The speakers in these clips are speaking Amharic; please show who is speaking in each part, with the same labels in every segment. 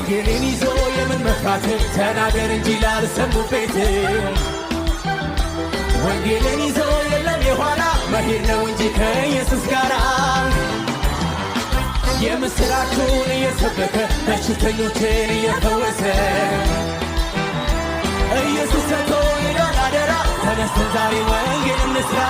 Speaker 1: ወንጌልን ይዞ የምን መፍራት ተናገር እንጂ ላልሰሙ ቤት ወንጌልን ይዞ የለም የኋላ መሄድ ነው እንጂ ከኢየሱስ ጋር የምሥራቹን እየሰበከ በሽተኞችን እየፈወሰ ኢየሱስ ሰጥቶናል አደራ ተነስተን ዛሬ ወንጌል እንስራ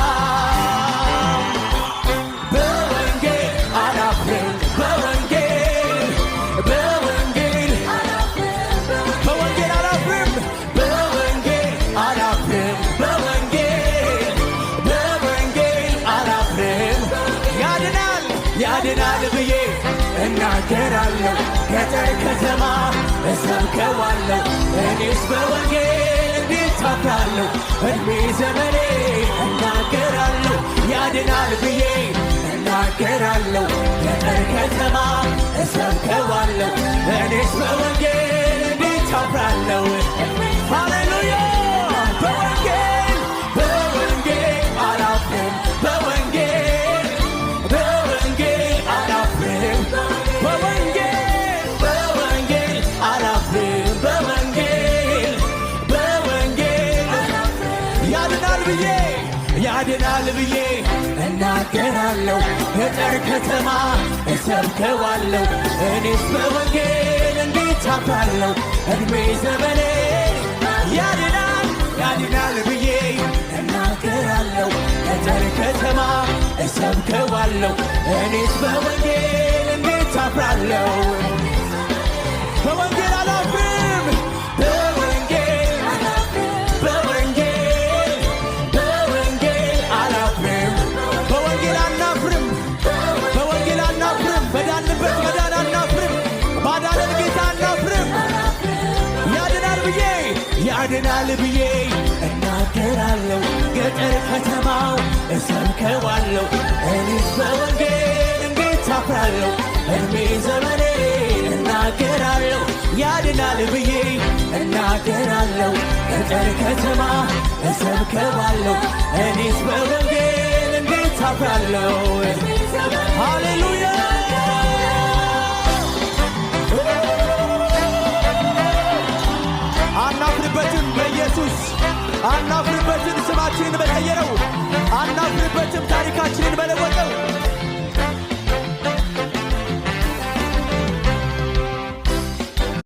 Speaker 1: ያድናል ብዬ እናገራለሁ። ገጠር ከተማ እሰብከዋለሁ። እኔስ በወንጌል እንዴት እድሜ ዘመኔ እናገራለሁ። ያድናል ብዬ እናገራለሁ። ገጠር ከተማ እሰብከዋለሁ። እኔስ በወንጌል ብዬ ያድናል ብዬ እናገራለሁ። ገጠር ከተማ እሰብከዋለሁ። እኔስ በወንጌል እንዴት አፍራለሁ? እድሜ ዘመኔ ያድናል ያድናል ብዬ እናገራለሁ። ገጠር ከተማ እሰብከዋለሁ። እኔስ በወንጌል እንዴት አፍራለሁ? ያድናል ብዬ እናገራለሁ። ገጠር ከተማው እሰብከዋለሁ። እኔስ በወንጌል እንዴት ታፍራለሁ? እድሜ ዘመኔ እናገራለሁ። ያድናል ብዬ እናገራለሁ። ገጠር ከተማ እሰብከዋለሁ። እኔስ በወንጌል እንዴት ታፍራለሁ? አንናፍርበትም ስማችንን በቀየረው፣ አናፍርበትም ታሪካችንን በለወጠው።